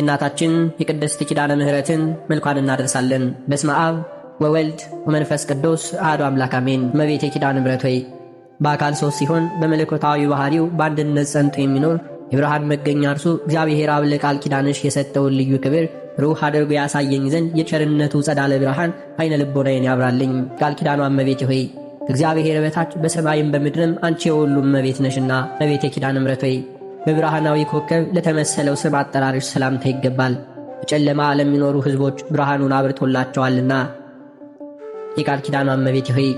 የእናታችን የቅድስት ኪዳነ ምሕረትን መልኳን እናደርሳለን። በስመ አብ ወወልድ ወመንፈስ ቅዱስ አሐዱ አምላክ አሜን። እመቤቴ ኪዳነ ምሕረት ሆይ በአካል ሶስት ሲሆን በመለኮታዊ ባህሪው በአንድነት ጸንቶ የሚኖር የብርሃን መገኛ እርሱ እግዚአብሔር አብ ለቃል ኪዳንሽ የሰጠውን ልዩ ክብር ሩህ አድርጎ ያሳየኝ ዘንድ የቸርነቱ ጸዳለ ብርሃን አይነ ልቦናዬን ያብራልኝ። ቃል ኪዳኗ እመቤቴ ሆይ እግዚአብሔር በታች በሰማይም በምድርም አንቺ የሁሉም እመቤት ነሽና እመቤቴ ኪዳነ ምሕረት ሆይ በብርሃናዊ ኮከብ ለተመሰለው ስም አጠራሮች ሰላምታ ይገባል። በጨለማ ለሚኖሩ ሕዝቦች ብርሃኑን አብርቶላቸዋልና። የቃል ኪዳኑ እመቤቴ ሆይ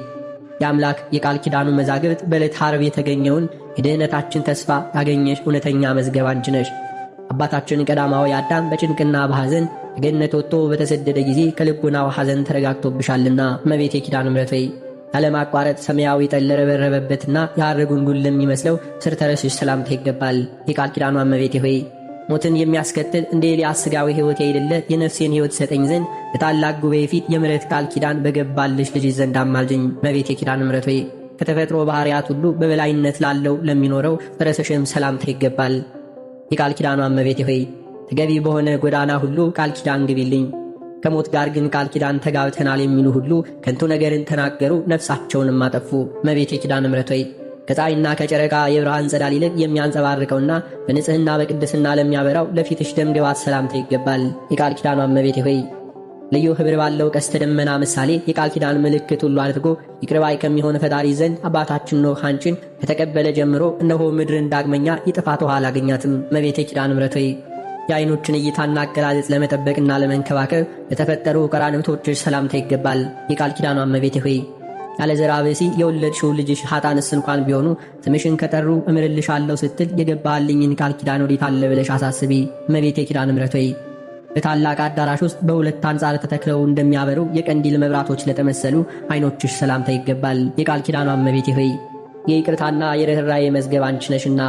የአምላክ የቃል ኪዳኑ መዛግብት በዕለት ዓርብ የተገኘውን የድኅነታችን ተስፋ ያገኘሽ እውነተኛ መዝገብ አንቺ ነሽ። አባታችን ቀዳማዊ አዳም በጭንቅና በሐዘን ከገነት ወጥቶ በተሰደደ ጊዜ ከልቡናው ሐዘን ተረጋግቶብሻልና እመቤቴ ኪዳነ ምሕረት ሆይ ያለማቋረጥ ሰማያዊ ጠል ለረበረበበትና የሐር ጉንጉን ለሚመስለው ስር ተረሽሽ ሰላምታ ይገባል። የቃል ኪዳኑ እመቤቴ ሆይ ሞትን የሚያስከትል እንደ ኤልያስ ሥጋዊ ሕይወት የሌለ የነፍሴን ሕይወት ሰጠኝ ዘንድ በታላቅ ጉባኤ ፊት የምሕረት ቃል ኪዳን በገባልሽ ልጅ ዘንድ አማልጅኝ። እመቤቴ ኪዳነ ምሕረት ሆይ ከተፈጥሮ ባሕርያት ሁሉ በበላይነት ላለው ለሚኖረው ፈረሰሽም ሰላምታ ይገባል። የቃል ኪዳኑ እመቤቴ ሆይ ተገቢ በሆነ ጎዳና ሁሉ ቃል ኪዳን ግቢልኝ ከሞት ጋር ግን ቃል ኪዳን ተጋብተናል የሚሉ ሁሉ ከንቱ ነገርን ተናገሩ፣ ነፍሳቸውንም አጠፉ። እመቤቴ ኪዳነ ምሕረት ሆይ ከፀሐይና ከጨረቃ የብርሃን ጸዳል ይልቅ የሚያንጸባርቀውና በንጽህና በቅድስና ለሚያበራው ለፊትሽ ደምግባት ሰላምታ ይገባል። የቃል ኪዳኗ መቤቴ ሆይ ልዩ ኅብር ባለው ቀስተ ደመና ምሳሌ የቃል ኪዳን ምልክት ሁሉ አድርጎ ይቅርባይ ከሚሆን ፈጣሪ ዘንድ አባታችን ኖህ አንቺን ከተቀበለ ጀምሮ እነሆ ምድርን ዳግመኛ የጥፋት ውሃ አላገኛትም። መቤቴ ኪዳነ ምሕረት ሆይ የአይኖችን እይታና አገላለጽ ለመጠበቅና ለመንከባከብ ለተፈጠሩ ቀራንብቶችሽ ሰላምታ ይገባል። የቃል ኪዳኑ እመቤቴ ሆይ ያለ ዘራ ብእሲ የወለድሽው ልጅሽ ሀጣንስ እንኳን ቢሆኑ ስምሽን ከጠሩ እምርልሻለሁ ስትል የገባልኝን ቃል ኪዳን ወዴት አለ ብለሽ አሳስቢ። እመቤቴ ኪዳን እምረት ሆይ በታላቅ አዳራሽ ውስጥ በሁለት አንጻር ተተክለው እንደሚያበሩ የቀንዲል መብራቶች ለተመሰሉ አይኖችሽ ሰላምታ ይገባል። የቃል ኪዳኗ እመቤቴ ሆይ የይቅርታና የርኅራዬ መዝገብ አንቺ ነሽና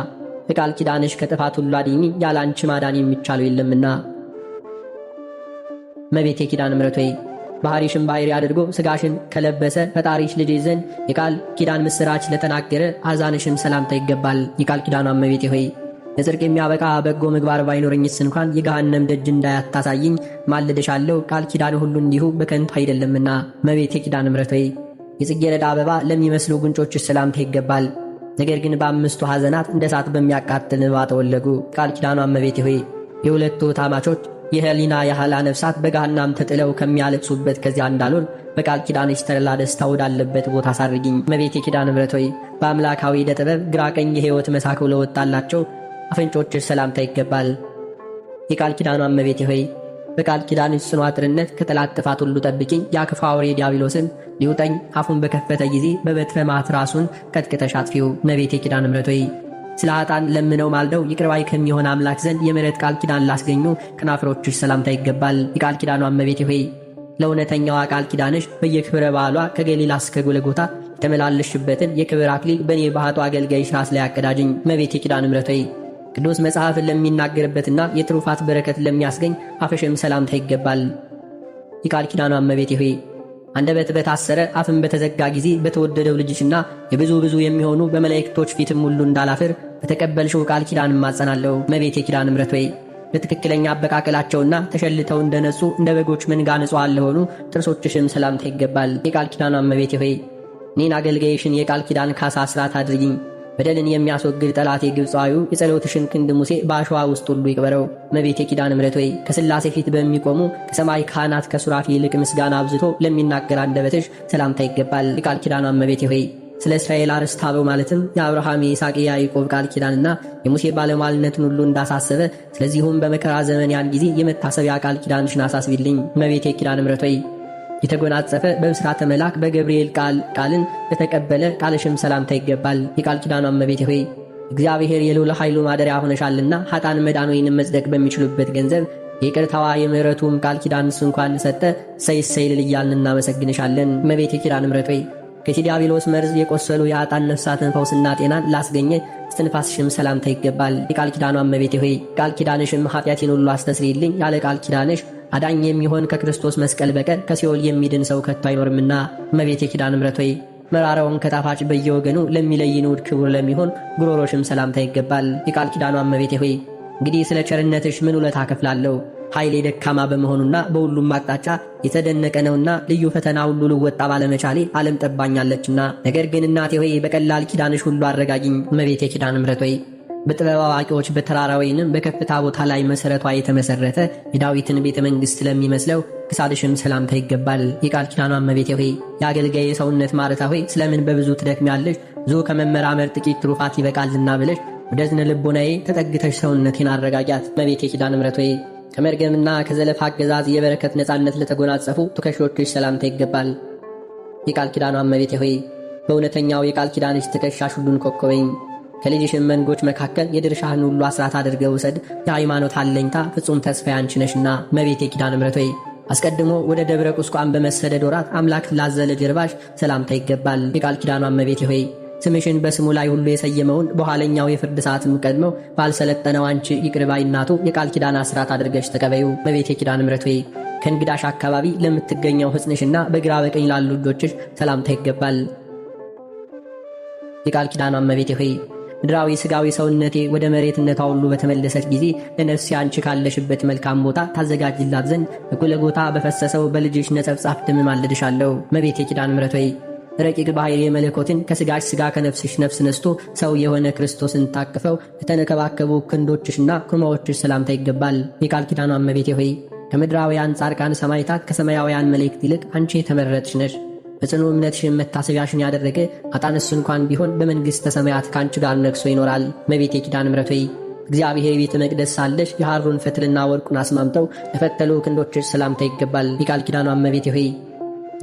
በቃል ኪዳንሽ ከጥፋት ሁሉ አድኝ፣ ያለ አንቺ ማዳን የሚቻለው የለምና። እመቤቴ ኪዳነ ምረት ወይ ባህሪሽን ባሕሪ አድርጎ ስጋሽን ከለበሰ ፈጣሪሽ ልጅ ዘንድ የቃል ኪዳን ምስራች ለተናገረ አዛንሽም ሰላምታ ይገባል። የቃል ኪዳኗ እመቤቴ ሆይ ለጽድቅ የሚያበቃ በጎ ምግባር ባይኖረኝስ እንኳን የገሃነም ደጅ እንዳያታሳይኝ ማልደሻለሁ። ቃል ኪዳን ሁሉ እንዲሁ በከንቱ አይደለምና እመቤቴ ኪዳነ ምረት ወይ የጽጌረዳ አበባ ለሚመስሉ ጉንጮችሽ ሰላምታ ይገባል። ነገር ግን በአምስቱ ሐዘናት እንደ እሳት በሚያቃጥል እንባ ተወለጉ። ቃል ኪዳኑ እመቤቴ ሆይ የሁለቱ ታማቾች የህሊና ያህላ ነፍሳት በገሃናም ተጥለው ከሚያለቅሱበት ከዚያ እንዳሉን በቃል ኪዳን የተተላ ደስታ ወዳለበት ቦታ አሳርጊኝ። እመቤቴ ኪዳነ ምሕረት ሆይ በአምላካዊ ዕደ ጥበብ ግራ ቀኝ የሕይወት መሳክው ለወጣላቸው አፍንጮችሽ ሰላምታ ይገባል። የቃል ኪዳኑ እመቤቴ ሆይ በቃል ኪዳን ጽኑ አጥርነት ከጠላት ጥፋት ሁሉ ጠብቂኝ፣ ያክፋ አውሬ ሊውጠኝ አፉን በከፈተ ጊዜ በበትረ ማት ራሱን ቀጥቅተሽ አጥፊው መቤቴ ኪዳነ ምሕረት ሆይ ስለ ኃጥአን ለምነው ማልደው ይቅርባይ ከሚሆን አምላክ ዘንድ የምሕረት ቃል ኪዳን ላስገኙ ከናፍሮችሽ ሰላምታ ይገባል። የቃል ኪዳኗ መቤቴ ሆይ ለእውነተኛዋ ቃል ኪዳንሽ በየክብረ በዓሏ ከገሊላ እስከ ጎለጎታ የተመላለሽበትን የክብር አክሊል በእኔ ባህጡ አገልጋይሽ ራስ ላይ አቀዳጅኝ። መቤቴ ኪዳነ ምሕረት ሆይ ቅዱስ መጽሐፍን ለሚናገርበትና የትሩፋት በረከት ለሚያስገኝ አፈሽም ሰላምታ ይገባል። የቃል ኪዳኗ እመቤቴ ሆይ አንደበት በታሰረ አፍን በተዘጋ ጊዜ በተወደደው ልጅሽና የብዙ ብዙ የሚሆኑ በመላእክቶች ፊትም ሁሉ እንዳላፍር በተቀበልሽው ቃል ኪዳን እማጸናለሁ። እመቤቴ ኪዳነ ምሕረት ሆይ በትክክለኛ አበቃቀላቸውና ተሸልተው እንደነጹ እንደ በጎች መንጋ ንጹዓን ለሆኑ ጥርሶችሽም ሰላምታ ይገባል። የቃል ኪዳኑ እመቤቴ ሆይ እኔን አገልጋይሽን የቃል ኪዳን ካሳ ስራት አድርጊኝ በደልን የሚያስወግድ ጠላት የግብፃዊ የጸሎትሽን ክንድ ሙሴ በአሸዋ ውስጥ ሁሉ ይቅበረው። እመቤቴ የኪዳን ምረት ወይ ከስላሴ ፊት በሚቆሙ ከሰማይ ካህናት ከሱራፊ ይልቅ ምስጋና አብዝቶ ለሚናገር አንደበትሽ ሰላምታ ይገባል። ቃል ኪዳኗ እመቤቴ ሆይ ስለ እስራኤል አርስታ በው ማለትም የአብርሃም የይስሐቅ የያዕቆብ ቃል ኪዳንና የሙሴ ባለሟልነትን ሁሉ እንዳሳሰበ ስለዚሁም በመከራ ዘመን ያን ጊዜ የመታሰቢያ ቃል ኪዳንሽን አሳስቢልኝ። እመቤቴ ኪዳነ ምረት ወይ የተጎናጸፈ በብስራተ መልአክ በገብርኤል ቃል ቃልን የተቀበለ ቃልሽም ሰላምታ ይገባል። የቃል ኪዳኑ እመቤቴ ሆይ እግዚአብሔር የልዑል ኃይሉ ማደሪያ ሆነሻልና ኃጣን መዳን ወይንም መጽደቅ በሚችሉበት ገንዘብ የቅርታዋ የምሕረቱም ቃል ኪዳን እሱ እንኳን ሰጠ ሰይ ሰይ ልል እያልን እናመሰግንሻለን። እመቤቴ ኪዳነ ምሕረት ወይ ከዲያብሎስ መርዝ የቆሰሉ የአጣን ነፍሳትን ፈውስና ጤናን ላስገኘ ስትንፋስሽም ሰላምታ ይገባል። የቃል ኪዳኗ እመቤቴ ሆይ ቃል ኪዳንሽም ኃጢአቴን ሁሉ አስተስሪልኝ ያለ ቃል ኪዳንሽ አዳኝ የሚሆን ከክርስቶስ መስቀል በቀር ከሲኦል የሚድን ሰው ከቶ አይኖርምና እመቤቴ ኪዳነ ምሕረት ሆይ መራራውን ከጣፋጭ በየወገኑ ለሚለይን ውድ ክቡር ለሚሆን ጉሮሮሽም ሰላምታ ይገባል። የቃል ኪዳኗ እመቤቴ ሆይ እንግዲህ ስለ ቸርነትሽ ምን ውለታ አከፍላለሁ? ኃይሌ ደካማ በመሆኑና በሁሉም አቅጣጫ የተደነቀ ነውና ልዩ ፈተና ሁሉ ልወጣ ባለመቻሌ ዓለም ጠባኛለችና። ነገር ግን እናቴ ሆይ በቀላል ኪዳንሽ ሁሉ አረጋጊኝ። እመቤቴ ኪዳነ ምሕረት ሆይ በጥበብ አዋቂዎች በተራራ ወይንም በከፍታ ቦታ ላይ መሠረቷ የተመሠረተ የዳዊትን ቤተ መንግሥት ስለሚመስለው ክሳድሽም ሰላምታ ይገባል። የቃል ኪዳኗ እመቤቴ ሆይ የአገልጋይ የሰውነት ማረታ ሆይ ስለምን በብዙ ትደክሚያለሽ? ብዙ ከመመራመር ጥቂት ትሩፋት ይበቃልና ብለሽ ወደ ዝነ ልቦናዬ ተጠግተሽ ሰውነቴን አረጋጊያት። እመቤቴ ኪዳነ ምሕረት ሆይ ከመርገምና ከዘለፍ አገዛዝ የበረከት ነፃነት ለተጎናጸፉ ትከሻዎችሽ ሰላምታ ይገባል። የቃል ኪዳኗ እመቤቴ ሆይ በእውነተኛው የቃል ኪዳንሽ ትከሻሽ ሁሉን ኮከበኝ ከልጅሽም መንጎች መካከል የድርሻህን ሁሉ አስራት አድርገ ውሰድ። የሃይማኖት አለኝታ ፍጹም ተስፋ ያንቺ ነሽና መቤት ኪዳነ ምሕረት ሆይ አስቀድሞ ወደ ደብረ ቁስቋም በመሰደድ ወራት አምላክ ላዘለ ጀርባሽ ሰላምታ ይገባል። የቃል ኪዳኗ መቤቴ ሆይ ስምሽን በስሙ ላይ ሁሉ የሰየመውን በኋለኛው የፍርድ ሰዓትም ቀድመው ባልሰለጠነው አንቺ ይቅርባይ እናቱ የቃል ኪዳን አስራት አድርገሽ ተቀበዩ። መቤት ኪዳነ ምሕረት ሆይ ከእንግዳሽ አካባቢ ለምትገኘው ሕፅንሽና በግራ በቀኝ ላሉ ልጆችሽ ሰላምታ ይገባል። የቃል ኪዳኗ እመቤቴ ሆይ ምድራዊ ስጋዊ ሰውነቴ ወደ መሬትነቷ ሁሉ በተመለሰች ጊዜ ለነፍሴ አንቺ ካለሽበት መልካም ቦታ ታዘጋጅላት ዘንድ በጎልጎታ በፈሰሰው በልጅሽ ነጸብጻፍ ደም ማልድሻለሁ። መቤቴ ኪዳነ ምሕረት ሆይ ረቂቅ ባሕርየ መለኮትን ከስጋሽ ስጋ ከነፍስሽ ነፍስ ነስቶ ሰው የሆነ ክርስቶስን ታቅፈው የተነከባከቡ ክንዶችሽና ኩማዎችሽ ሰላምታ ይገባል። የቃል ኪዳኗ መቤቴ ሆይ ከምድራውያን ጻድቃን ሰማይታት ከሰማያውያን መላእክት ይልቅ አንቺ የተመረጥሽ ነሽ። በጽኑ እምነትሽን መታሰቢያሽን ያደረገ አጣንስ እሱ እንኳን ቢሆን በመንግሥተ ሰማያት ከአንቺ ጋር ነግሶ ይኖራል። መቤቴ ኪዳነ ምሕረት ሆይ እግዚአብሔር ቤተ መቅደስ ሳለሽ የሐሩን ፈትልና ወርቁን አስማምተው ለፈተሉ ክንዶችሽ ሰላምታ ይገባል። የቃል ኪዳኗ መቤቴ ሆይ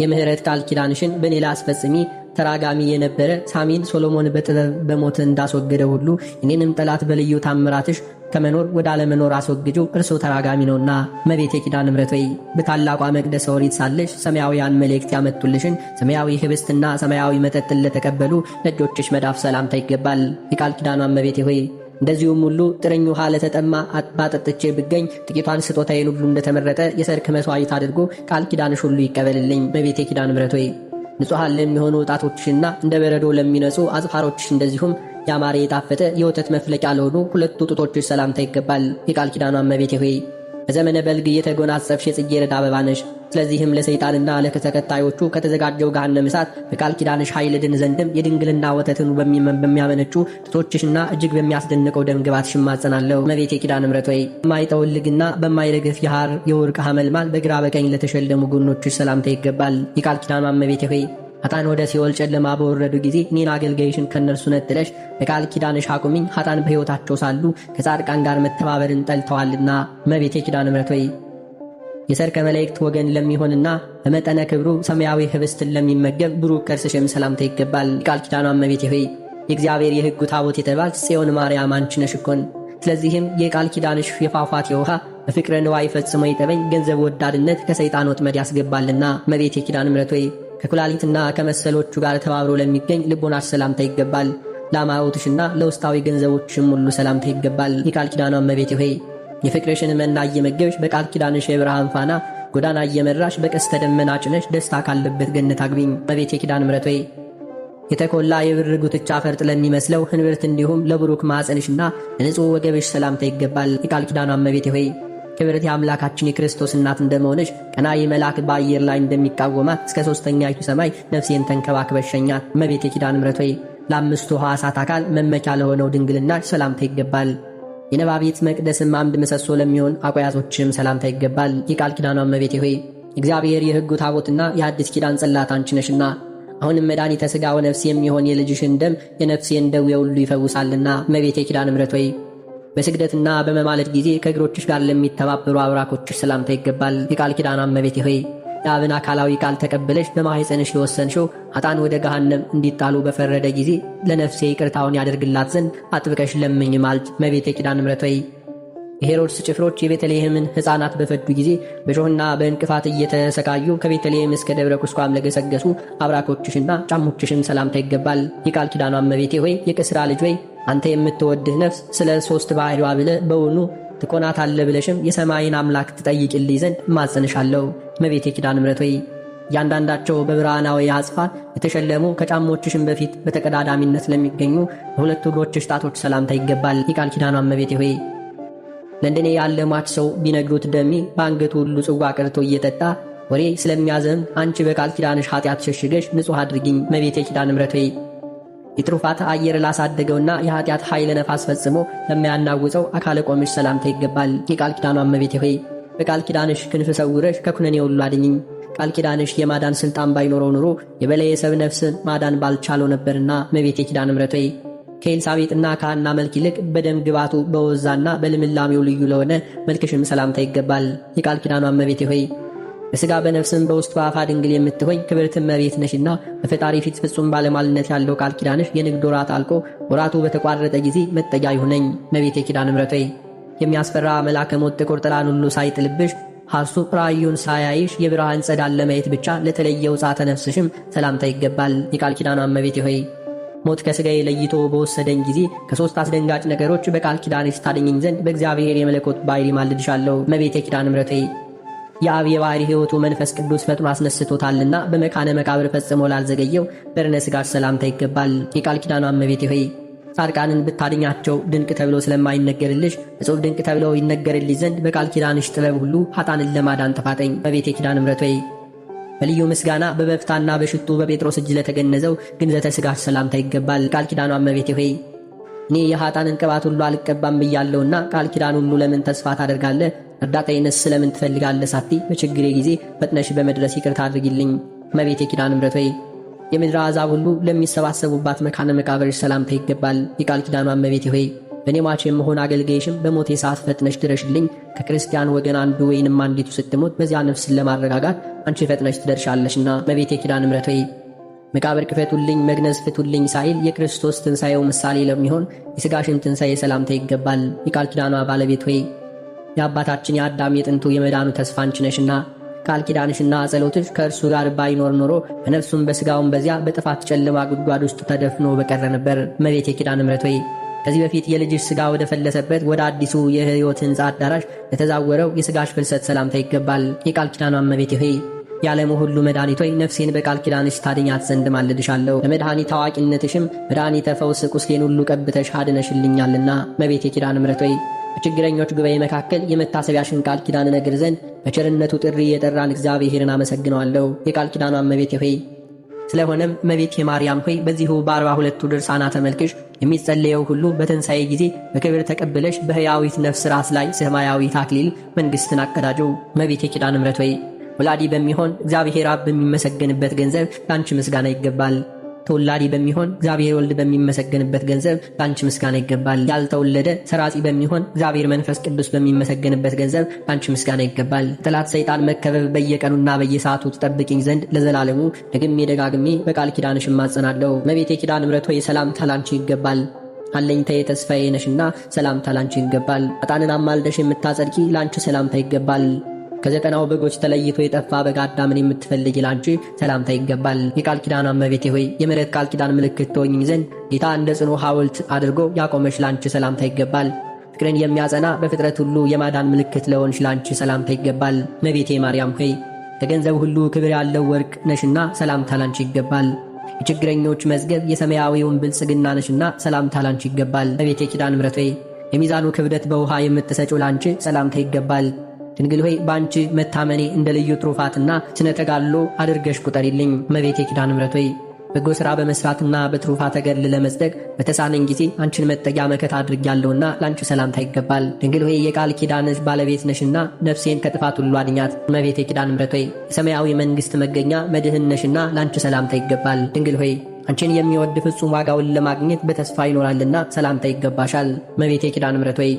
የምሕረት ቃል ኪዳንሽን በእኔ ላይ አስፈጽሚ ተራጋሚ የነበረ ሳሚን ሶሎሞን በጥበብ በሞት እንዳስወገደ ሁሉ እኔንም ጠላት በልዩ ታምራትሽ ከመኖር ወደ አለመኖር አስወግጆ እርሶ ተራጋሚ ነውና መቤቴ ኪዳነ ምሕረት ወይ በታላቋ መቅደስ ኦሪት ሳለሽ ሰማያውያን መልእክት ያመጡልሽን ሰማያዊ ህብስትና ሰማያዊ መጠጥን ለተቀበሉ ለእጆችሽ መዳፍ ሰላምታ ይገባል። የቃል ኪዳኗን መቤቴ ሆይ እንደዚሁም ሁሉ ጥርኝ ውሃ ለተጠማ ባጠጥቼ ብገኝ ጥቂቷን ስጦታዬን ሁሉ እንደተመረጠ የሰርክ መስዋዕት አድርጎ ቃል ኪዳንሽ ሁሉ ይቀበልልኝ መቤቴ ኪዳነ ምሕረት ንጹሐን ለሚሆኑ ጣቶችና እንደ በረዶ ለሚነጹ አጽፋሮች እንደዚሁም ያማረ የጣፈጠ የወተት መፍለቂያ ለሆኑ ሁለቱ ጡቶችሽ ሰላምታ ይገባል። የቃል ኪዳኗ እመቤቴ ሆይ በዘመነ በልግ እየተጎናጸፍሽ የጽጌረዳ አበባ ነሽ። ስለዚህም ለሰይጣንና ለተከታዮቹ ከተዘጋጀው ገሃነመ እሳት በቃል ኪዳንሽ ኃይል ድን ዘንድም የድንግልና ወተትን በሚያመነጩ ጡቶችሽና እጅግ በሚያስደንቀው ደምግባት እማጸናለሁ። መቤቴ ኪዳነ ምሕረት ወይ የማይጠወልግና በማይረግፍ የሐር የወርቅ ሐመልማል በግራ በቀኝ ለተሸለሙ ጎኖችሽ ሰላምታ ይገባል። የቃል ኪዳን እመቤቴ ሆይ ሀጣን ወደ ሲኦል ጨለማ በወረዱ ጊዜ እኔን አገልጋይሽን ከእነርሱ ነጥለሽ በቃል ኪዳንሽ አቁሚኝ። ሀጣን በሕይወታቸው ሳሉ ከጻድቃን ጋር መተባበርን ጠልተዋልና። መቤቴ ኪዳነ ምሕረት ወይ የሰርቀ መላእክት ወገን ለሚሆንና በመጠነ ክብሩ ሰማያዊ ህብስትን ለሚመገብ ብሩክ ቅርስሽም ሰላምታ ይገባል። ቃል ኪዳኗ እመቤቴ ሆይ የእግዚአብሔር የሕጉ ታቦት የተባል ጽዮን ማርያም አንቺ ነሽ እኮን። ስለዚህም የቃል ኪዳንሽ የፏፏቴ ውሃ በፍቅረ ንዋይ ፈጽሞ የጠበኝ ገንዘብ ወዳድነት ከሰይጣን ወጥመድ ያስገባልና መቤት ኪዳነ ምሕረት ሆይ ከኩላሊትና ከመሰሎቹ ጋር ተባብሮ ለሚገኝ ልቦናሽ ሰላምታ ይገባል። ለአማውትሽና ለውስጣዊ ገንዘቦችም ሁሉ ሰላምታ ይገባል። የቃል ኪዳኗ እመቤቴ ሆይ የፍቅርሽን መና እየመገብሽ በቃል ኪዳንሽ የብርሃን ፋና ጎዳና እየመራሽ በቀስተ ደመና ጭነሽ ደስታ ካለበት ገነት አግቢኝ በቤት የኪዳን ምሕረት ወይ የተኮላ የብር ጉትቻ ፈርጥ ለሚመስለው ህንብርት እንዲሁም ለብሩክ ማዕፀንሽና ለንጹሕ ወገብሽ ሰላምታ ይገባል። የቃል ኪዳኗ እመቤቴ ሆይ ክብርት የአምላካችን የክርስቶስ እናት እንደመሆነች ቀና መልአክ በአየር ላይ እንደሚቃወማት እስከ ሦስተኛይቱ ሰማይ ነፍሴን ተንከባክበሽ እመቤቴ ኪዳነ ምሕረት ሆይ ለአምስቱ ሐዋሳት አካል መመኪያ ለሆነው ድንግልና ሰላምታ ይገባል። የነባቤት መቅደስም አምድ ምሰሶ ለሚሆን አቆያቶችም ሰላምታ ይገባል። የቃል ኪዳኗ እመቤቴ ሆይ እግዚአብሔር የሕጉ ታቦትና የአዲስ ኪዳን ጽላት አንቺ ነሽና አሁንም መድኃኒተ ሥጋ ወነፍስ የሚሆን የልጅሽን ደም የነፍሴን ደዌ ሁሉ ይፈውሳልና እመቤቴ ኪዳነ ምሕረት ሆይ በስግደትና በመማለድ ጊዜ ከእግሮችሽ ጋር ለሚተባበሩ አብራኮችሽ ሰላምታ ይገባል። የቃል ኪዳኗ እመቤቴ ሆይ የአብን አካላዊ ቃል ተቀብለሽ በማኅፀንሽ የወሰንሽው አጣን ወደ ገሃነም እንዲጣሉ በፈረደ ጊዜ ለነፍሴ ይቅርታውን ያደርግላት ዘንድ አጥብቀሽ ለምኝ ማልት መቤተ ኪዳነ ምሕረት ወይ። የሄሮድስ ጭፍሮች የቤተልሔምን ሕፃናት በፈዱ ጊዜ በሾህና በእንቅፋት እየተሰቃዩ ከቤተልሔም እስከ ደብረ ቁስቋም ለገሰገሱ አብራኮችሽና ጫሞችሽም ሰላምታ ይገባል። የቃል ኪዳኗ መቤቴ ሆይ የቅስራ ልጅ ሆይ አንተ የምትወድህ ነፍስ ስለ ሦስት ባሕሪዋ ብለ በውኑ አለ ብለሽም የሰማይን አምላክ ትጠይቅልኝ ዘንድ እማጸንሻለሁ። መቤት ኪዳነ ምሕረት ሆይ። እያንዳንዳቸው በብርሃናዊ አጽፋር የተሸለሙ ከጫሞችሽም በፊት በተቀዳዳሚነት ለሚገኙ በሁለቱ እግሮችሽ ጣቶች ሰላምታ ይገባል። የቃል ኪዳኗ እመቤቴ ሆይ ለእንደኔ ያለ ሟች ሰው ቢነግሩት ደሜ በአንገቱ ሁሉ ጽዋ ቀርቶ እየጠጣ ወሬ ስለሚያዘም አንቺ በቃል ኪዳንሽ ኃጢአት ሸሽገሽ ንጹሕ አድርጊኝ መቤት ኪዳነ ምሕረት ሆይ የትሩፋት አየር ላሳደገውና የኃጢአት ኃይል ነፋስ ፈጽሞ ለሚያናውፀው አካለ ቆምሽ ሰላምታ ይገባል። የቃል ኪዳኗ እመቤቴ ሆይ በቃል ኪዳንሽ ክንፍ ሰውረሽ ከኩነኔ ሁሉ አድኝኝ። ቃል ኪዳንሽ የማዳን ስልጣን ባይኖረው ኑሮ የበላይ የሰብ ነፍስ ማዳን ባልቻለው ነበርና እመቤቴ ኪዳነ ምሕረት ሆይ ከኤልሳቤጥና ከሐና መልክ ይልቅ በደም ግባቱ በወዛና በልምላሜው ልዩ ለሆነ መልክሽም ሰላምታ ይገባል። የቃል ኪዳኗ እመቤቴ ሆይ በሥጋ በነፍስም በውስጥ በአፋ ድንግል የምትሆኝ ክብርት መቤት ነሽና በፈጣሪ ፊት ፍጹም ባለሟልነት ያለው ቃል ኪዳንሽ የንግድ ወራት አልቆ ወራቱ በተቋረጠ ጊዜ መጠጊያ ይሁነኝ። እመቤቴ ኪዳነ ምሕረቴ የሚያስፈራ መልአከ ሞት ጥቁር ጥላን ሁሉ ሳይጥልብሽ ሐሱ ራእዩን ሳያይሽ የብርሃን ጸዳን ለማየት ብቻ ለተለየው ጻተ ነፍስሽም ሰላምታ ይገባል። የቃል ኪዳኗ እመቤቴ ሆይ ሞት ከሥጋዬ ለይቶ በወሰደኝ ጊዜ ከሦስት አስደንጋጭ ነገሮች በቃል ኪዳን ታደኘኝ ዘንድ በእግዚአብሔር የመለኮት ባይል ማልድሻለሁ። መቤቴ ኪዳን ምሕረቴ የአብ የባህሪ ሕይወቱ መንፈስ ቅዱስ ፈጥኖ አስነስቶታልና በመካነ መቃብር ፈጽሞ ላልዘገየው በርነ ሥጋሽ ሰላምታ ይገባል። የቃል ኪዳኑ እመቤቴ ሆይ ጻድቃንን ብታድኛቸው ድንቅ ተብሎ ስለማይነገርልሽ እጹብ ድንቅ ተብሎ ይነገርልሽ ዘንድ በቃል ኪዳንሽ ጥበብ ሁሉ ኃጣንን ለማዳን ጥፋጠኝ። እመቤቴ ኪዳነ ምሕረት ሆይ በልዩ ምስጋና በበፍታና በሽቱ በጴጥሮስ እጅ ለተገነዘው ግንዘተ ሥጋሽ ሰላምታ ይገባል። ቃል ኪዳኗ እመቤቴ ሆይ እኔ የኃጣንን ቅባት ሁሉ አልቀባም ብያለውና ቃል ኪዳን ሁሉ ለምን ተስፋ ታደርጋለህ? እርዳታዬንስ ስለምን ትፈልጋለህ ሳቲ በችግሬ ጊዜ ፈጥነሽ በመድረስ ይቅርታ አድርጊልኝ መቤቴ ኪዳነ ምሕረት ወይ የምድር አሕዛብ ሁሉ ለሚሰባሰቡባት መካነ መቃብርሽ ሰላምታ ይገባል። የቃል ኪዳኗ እመቤቴ ሆይ በእኔ ሟች የመሆን አገልጋይሽም በሞቴ ሰዓት ፈጥነሽ ድረሽልኝ። ከክርስቲያን ወገን አንዱ ወይንም አንዲቱ ስትሞት በዚያ ነፍስን ለማረጋጋት አንቺ ፈጥነሽ ትደርሻለሽና እመቤቴ ኪዳነ ምሕረት ሆይ መቃብር ክፈቱልኝ፣ መግነዝ ፍቱልኝ ሳይል የክርስቶስ ትንሣኤው ምሳሌ ለሚሆን የሥጋሽን ትንሣኤ ሰላምታ ይገባል። የቃል ኪዳኗ ባለቤት ሆይ የአባታችን የአዳም የጥንቱ የመዳኑ ተስፋ አንቺ ነሽና ቃል ኪዳንሽና ጸሎትሽ ከእርሱ ጋር ባይኖር ኖሮ በነፍሱም በሥጋውም በዚያ በጥፋት ጨለማ ጉድጓድ ውስጥ ተደፍኖ በቀረ ነበር። መቤት የኪዳን ምሕረት ወይ ከዚህ በፊት የልጅሽ ሥጋ ወደ ፈለሰበት ወደ አዲሱ የሕይወት ሕንፃ አዳራሽ ለተዛወረው የሥጋሽ ፍልሰት ሰላምታ ይገባል። የቃል ኪዳኗ መቤት ሆይ የዓለሙ ሁሉ መድኃኒት ሆይ ነፍሴን በቃል ኪዳንሽ ታድኛት ዘንድ ማልድሻለሁ። በመድኃኒት አዋቂነትሽም መድኃኒተ ፈውስ ቁስሌን ሁሉ ቀብተሽ አድነሽልኛልና መቤት የኪዳን ምሕረት ሆይ በችግረኞች ጉባኤ መካከል የመታሰቢያሽን ቃል ኪዳን ነገር ዘንድ በቸርነቱ ጥሪ የጠራን እግዚአብሔርን አመሰግነዋለሁ። የቃል ኪዳኗ እመቤቴ ሆይ ስለሆነም እመቤቴ ማርያም ሆይ በዚሁ በአርባ ሁለቱ ድርሳና ተመልክሽ የሚጸለየው ሁሉ በትንሣኤ ጊዜ በክብር ተቀብለሽ በሕያዊት ነፍስ ራስ ላይ ሰማያዊት አክሊል መንግሥትን አቀዳጀው። እመቤቴ ኪዳነ ምሕረት ሆይ ወላዲ በሚሆን እግዚአብሔር አብ በሚመሰገንበት ገንዘብ ለአንቺ ምስጋና ይገባል። ተወላዲ በሚሆን እግዚአብሔር ወልድ በሚመሰገንበት ገንዘብ በአንቺ ምስጋና ይገባል። ያልተወለደ ሰራጺ በሚሆን እግዚአብሔር መንፈስ ቅዱስ በሚመሰገንበት ገንዘብ በአንቺ ምስጋና ይገባል። ጠላት ሰይጣን መከበብ በየቀኑና በየሰዓቱ ትጠብቅኝ ዘንድ ለዘላለሙ ደግሜ ደጋግሜ በቃል ኪዳንሽ እማጸናለሁ። መቤቴ ኪዳን ምረቶ ሆይ ላንቺ ይገባል። አለኝታዬ ተስፋዬ ነሽና ሰላምታ ላንቺ ይገባል። አጣንን አማልደሽ የምታጸድቂ ላንቺ ሰላምታ ይገባል። ከዘጠናው በጎች ተለይቶ የጠፋ በግ አዳምን የምትፈልግ ላንቺ ሰላምታ ይገባል። የቃል ኪዳን እመቤቴ ሆይ የምሕረት ቃል ኪዳን ምልክት ትሆኚኝ ዘንድ ጌታ እንደ ጽኑ ሐውልት አድርጎ ያቆመሽ ላንቺ ሰላምታ ይገባል። ፍቅርን የሚያጸና በፍጥረት ሁሉ የማዳን ምልክት ለሆንሽ ላንቺ ሰላምታ ይገባል። እመቤቴ ማርያም ሆይ ከገንዘብ ሁሉ ክብር ያለው ወርቅ ነሽና ሰላምታ ላንቺ ይገባል። የችግረኞች መዝገብ የሰማያዊውን ብልጽግና ነሽና ሰላምታ ላንቺ ይገባል። እመቤቴ ኪዳነ ምሕረት ሆይ የሚዛኑ ክብደት በውሃ የምትሰጪው ላንቺ ሰላምታ ይገባል። ድንግል ሆይ በአንቺ መታመኔ እንደ ልዩ ትሩፋትና ስነ ተጋድሎ አድርገሽ ቁጠሪልኝ። መቤቴ ኪዳነ ምሕረት ሆይ በጎ ሥራ በመሥራትና በትሩፋተ ገድል ለመጽደቅ በተሳነኝ ጊዜ አንቺን መጠጊያ መከታ አድርጌያለሁና ለአንቺ ሰላምታ ይገባል። ድንግል ሆይ የቃል ኪዳንሽ ባለቤት ነሽና ነፍሴን ከጥፋት ሁሉ አድኛት። መቤቴ ኪዳነ ምሕረት ሆይ የሰማያዊ መንግሥት መገኛ መድህን ነሽና ለአንቺ ሰላምታ ይገባል። ድንግል ሆይ አንቺን የሚወድ ፍጹም ዋጋውን ለማግኘት በተስፋ ይኖራልና ሰላምታ ይገባሻል። መቤቴ ኪዳነ ምሕረት ሆይ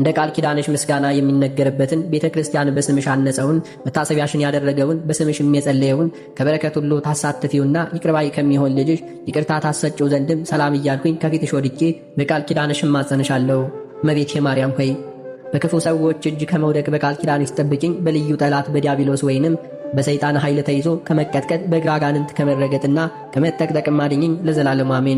እንደ ቃል ኪዳንሽ ምስጋና የሚነገርበትን ቤተ ክርስቲያን በስምሽ አነጸውን መታሰቢያሽን ያደረገውን በስምሽ የሚጸለየውን ከበረከት ሁሉ ታሳትፊውና ይቅርባይ ከሚሆን ልጅሽ ይቅርታ ታሰጭው ዘንድም ሰላም እያልኩኝ ከፊትሽ ወድቄ በቃል ኪዳንሽ እማጸንሻለሁ። እመቤቴ ማርያም ሆይ በክፉ ሰዎች እጅ ከመውደቅ በቃል ኪዳንሽ ጠብቂኝ። በልዩ ጠላት በዲያብሎስ ወይንም በሰይጣን ኃይል ተይዞ ከመቀጥቀጥ በእግረ አጋንንት ከመረገጥና ከመጠቅጠቅም አድኝኝ። ለዘላለም አሜን።